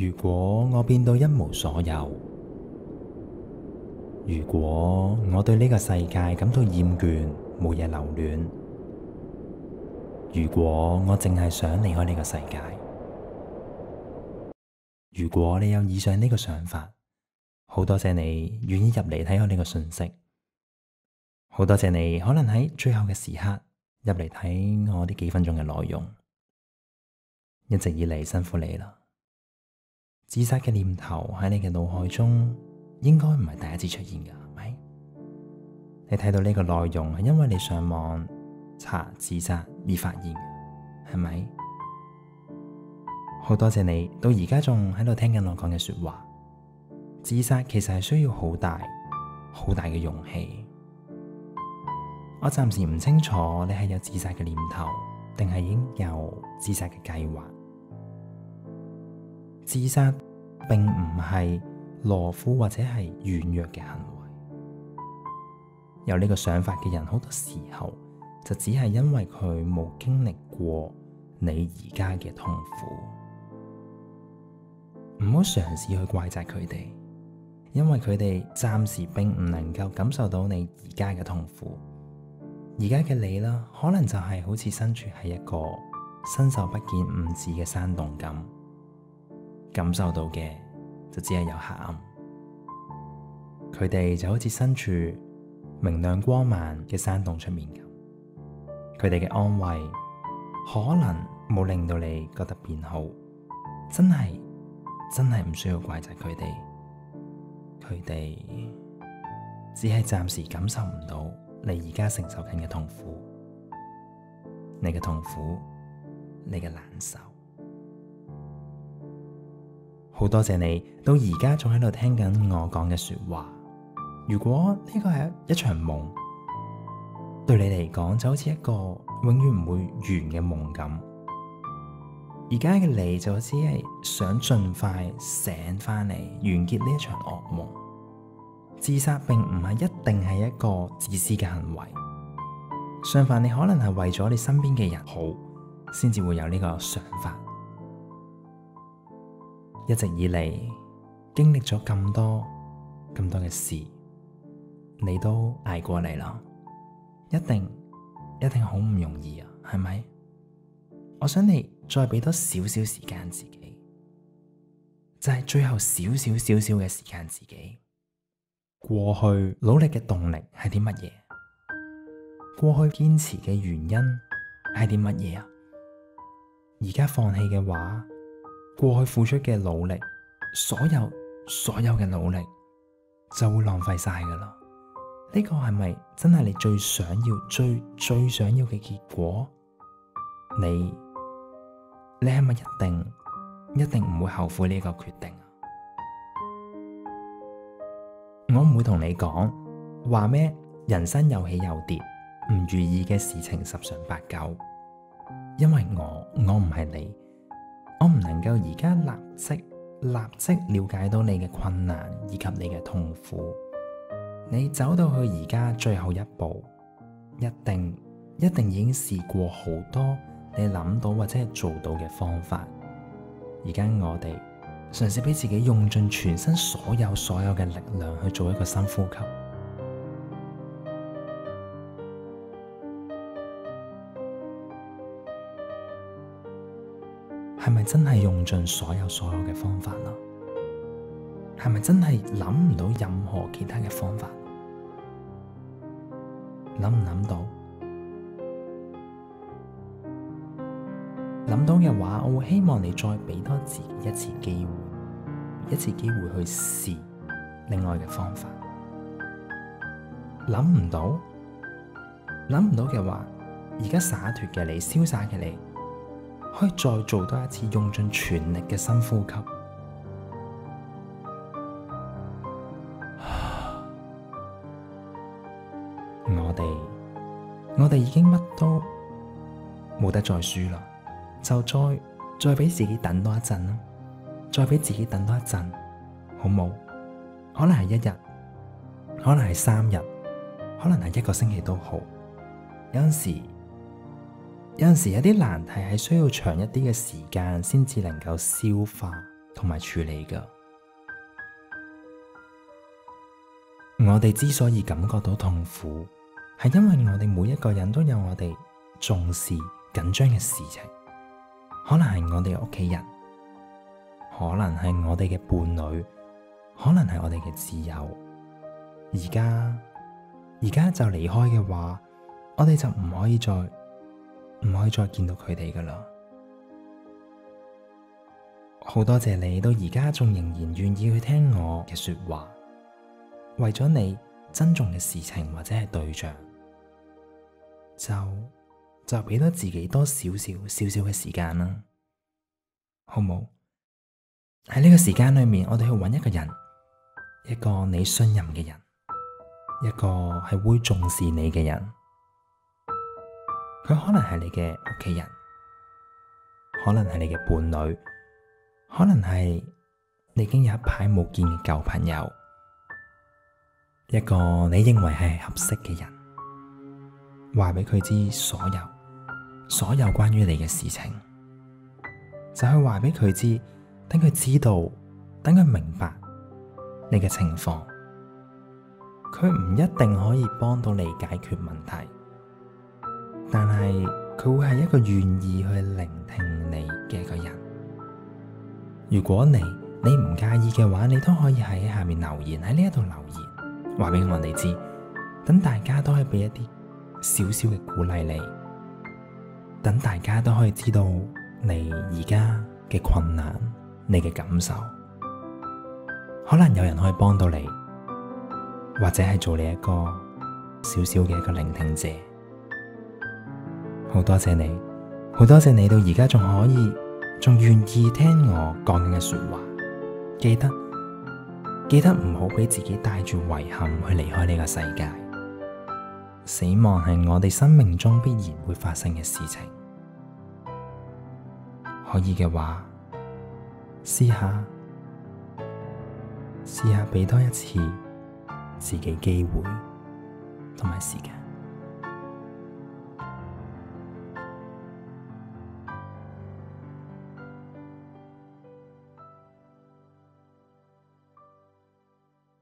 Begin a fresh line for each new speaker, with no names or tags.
如果我變到一無所有，如果我對呢個世界感到厭倦，冇嘢留戀，如果我淨係想離開呢個世界，如果你有以上呢個想法，好多謝你願意入嚟睇我呢個信息，好多謝你可能喺最後嘅時刻入嚟睇我呢幾分鐘嘅內容，一直以嚟辛苦你啦。自殺嘅念頭喺你嘅腦海中，應該唔係第一次出現㗎，係咪？你睇到呢個內容係因為你上網查自殺而發現，係咪？好多謝你，到而家仲喺度聽緊我講嘅說話。自殺其實係需要好大好大嘅勇氣。我暫時唔清楚你係有自殺嘅念頭，定係已經有自殺嘅計劃。自殺並唔係懦夫或者係軟弱嘅行為。有呢個想法嘅人，好多時候就只係因為佢冇經歷過你而家嘅痛苦。唔好嘗試去怪責佢哋，因為佢哋暫時並唔能夠感受到你而家嘅痛苦。而家嘅你啦，可能就係好似身處喺一個伸手不見五指嘅山洞咁。感受到嘅就只係有黑暗，佢哋就好似身處明亮光猛嘅山洞出面咁，佢哋嘅安慰可能冇令到你覺得變好，真係真係唔需要怪責佢哋，佢哋只係暫時感受唔到你而家承受緊嘅痛苦，你嘅痛苦，你嘅難受。好多謝你到而家仲喺度聽緊我講嘅說話。如果呢個係一場夢，對你嚟講就好似一個永遠唔會完嘅夢咁。而家嘅你就只係想盡快醒翻嚟，完結呢一場噩夢。自殺並唔係一定係一個自私嘅行為。相反，你可能係為咗你身邊嘅人好，先至會有呢個想法。一直以嚟經歷咗咁多咁多嘅事，你都挨過嚟啦，一定一定好唔容易啊，係咪？我想你再俾多少少時間自己，就係最後少少少少嘅時間自己。過去努力嘅動力係啲乜嘢？過去堅持嘅原因係啲乜嘢啊？而家放棄嘅話，過去付出嘅努力，所有所有嘅努力就會浪費晒噶啦。呢個係咪真係你最想要、最最想要嘅結果？你你係咪一定一定唔會後悔呢個決定啊？我唔會同你講話咩，人生有起有跌，唔如意嘅事情十常八九。因為我我唔係你。我唔能夠而家立即立即了解到你嘅困難，以及你嘅痛苦。你走到去而家最後一步，一定一定已經試過好多你諗到或者係做到嘅方法。而家我哋嘗試俾自己用盡全身所有所有嘅力量去做一個深呼吸。真係用盡所有所有嘅方法啦，係咪真係諗唔到任何其他嘅方法？諗唔諗到？諗到嘅話，我會希望你再畀多自己一次機會，一次機會去試另外嘅方法。諗唔到，諗唔到嘅話，而家灑脫嘅你，瀟灑嘅你。可以再做多一次用盡全力嘅深呼吸。啊，我哋我哋已經乜都冇得再輸啦，就再再俾自己等多一陣啦，再俾自己等多一陣，好冇？可能係一日，可能係三日，可能係一個星期都好。有陣時。有陣時有啲難題係需要長一啲嘅時間先至能夠消化同埋處理噶我哋之所以感覺到痛苦，係因為我哋每一個人都有我哋重視緊張嘅事情，可能係我哋屋企人，可能係我哋嘅伴侶，可能係我哋嘅自由。而家而家就離開嘅話，我哋就唔可以再。唔可以再見到佢哋㗎喇，好多謝你到而家仲仍然願意去聽我嘅說話，為咗你珍重嘅事情或者係對象，就就俾多自己多少少少少嘅時間啦，好冇？喺呢個時間裏面，我哋去揾一個人，一個你信任嘅人，一個係會重視你嘅人。佢可能係你嘅屋企人，可能係你嘅伴侶，可能係你已經有一排冇見嘅舊朋友，一個你認為係合適嘅人，話俾佢知所有，所有關於你嘅事情，就去話俾佢知，等佢知道，等佢明白你嘅情況，佢唔一定可以幫到你解決問題。但係佢會係一個願意去聆聽你嘅一個人。如果你你唔介意嘅話，你都可以喺下面留言，喺呢一度留言，話俾我哋知。等大家都可以俾一啲少少嘅鼓勵你，等大家都可以知道你而家嘅困難，你嘅感受，可能有人可以幫到你，或者係做你一個少少嘅一個聆聽者。好多謝你，好多謝你到而家仲可以，仲願意聽我講嘅說話。記得，記得唔好俾自己帶住遺憾去離開呢個世界。死亡係我哋生命中必然會發生嘅事情。可以嘅話，試下，試下俾多一次自己機會，同埋時間。